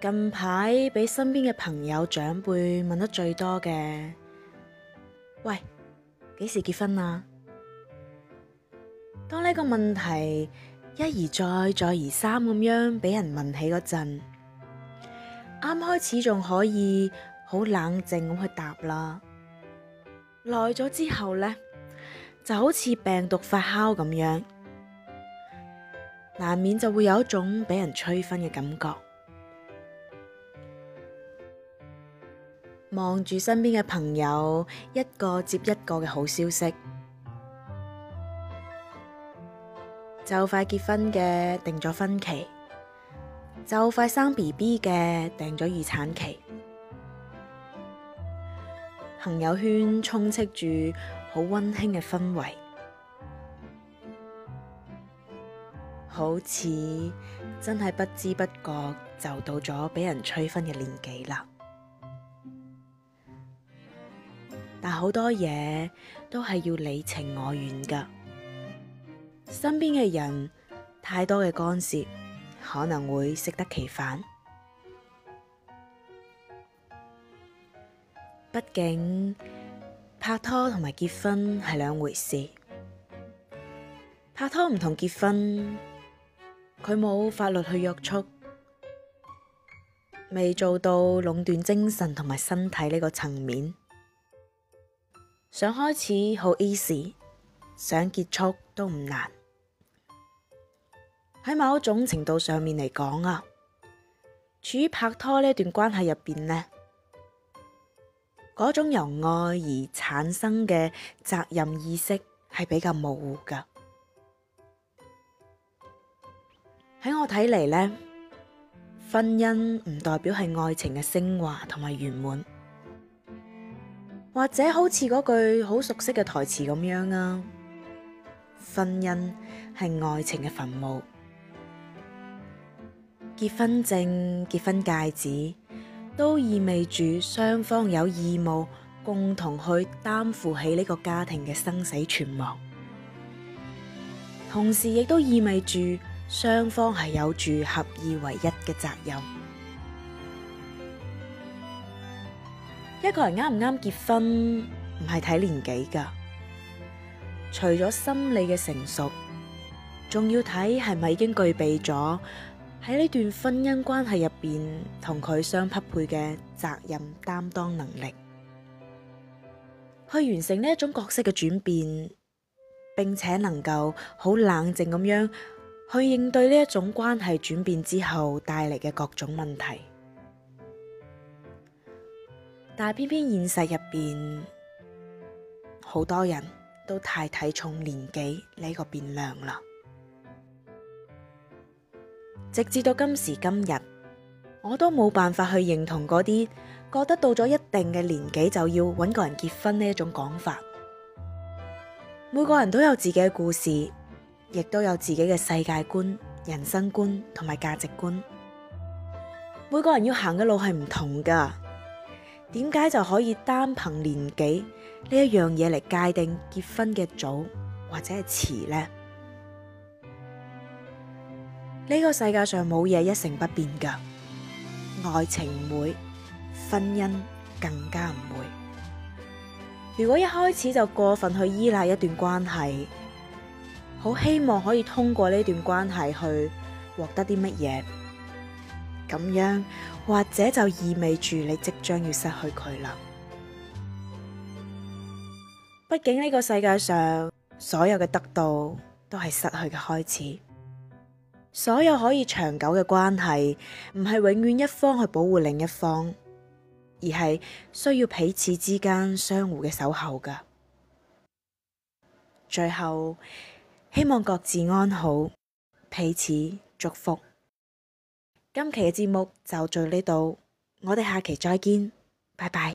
近排俾身邊嘅朋友、長輩問得最多嘅，喂，幾時結婚啊？當呢個問題一而再、再而三咁樣俾人問起嗰陣，啱開始仲可以好冷靜咁去答啦，耐咗之後咧，就好似病毒發酵咁樣，難免就會有一種俾人催婚嘅感覺。望住身邊嘅朋友，一個接一個嘅好消息，就快結婚嘅訂咗婚期，就快生 BB 嘅訂咗預產期，朋友圈充斥住好溫馨嘅氛圍，好似真係不知不覺就到咗俾人催婚嘅年紀啦。但好多嘢都係要你情我願噶，身邊嘅人太多嘅干涉，可能會適得其反。畢竟拍拖同埋結婚係兩回事，拍拖唔同結婚，佢冇法律去約束，未做到壟斷精神同埋身體呢個層面。想開始好 easy，想結束都唔難。喺某一種程度上面嚟講啊，處於拍拖呢段關係入邊呢，嗰種由愛而產生嘅責任意識係比較模糊噶。喺我睇嚟呢，婚姻唔代表係愛情嘅升華同埋圓滿。或者好似嗰句好熟悉嘅台詞咁樣啊，婚姻係愛情嘅墳墓，結婚證、結婚戒指都意味住雙方有義務共同去擔負起呢個家庭嘅生死存亡，同時亦都意味住雙方係有住合二為一嘅責任。一個人啱唔啱結婚，唔係睇年紀噶，除咗心理嘅成熟，仲要睇係咪已經具備咗喺呢段婚姻關係入邊同佢相匹配嘅責任擔當能力，去完成呢一種角色嘅轉變，並且能夠好冷靜咁樣去應對呢一種關係轉變之後帶嚟嘅各種問題。但係偏偏現實入邊，好多人都太睇重年紀呢個變量啦。直至到今時今日，我都冇辦法去認同嗰啲覺得到咗一定嘅年紀就要搵個人結婚呢一種講法。每個人都有自己嘅故事，亦都有自己嘅世界觀、人生觀同埋價值觀。每個人要行嘅路係唔同噶。點解就可以單憑年紀呢一樣嘢嚟界定結婚嘅早或者係遲呢？呢個世界上冇嘢一成不變噶，愛情唔會，婚姻更加唔會。如果一開始就過分去依賴一段關係，好希望可以通過呢段關係去獲得啲乜嘢？咁樣，或者就意味住你即將要失去佢啦。畢竟呢個世界上所有嘅得到都係失去嘅開始，所有可以長久嘅關係唔係永遠一方去保護另一方，而係需要彼此之間相互嘅守候㗎。最後，希望各自安好，彼此祝福。今期嘅節目就到呢度，我哋下期再見，拜拜。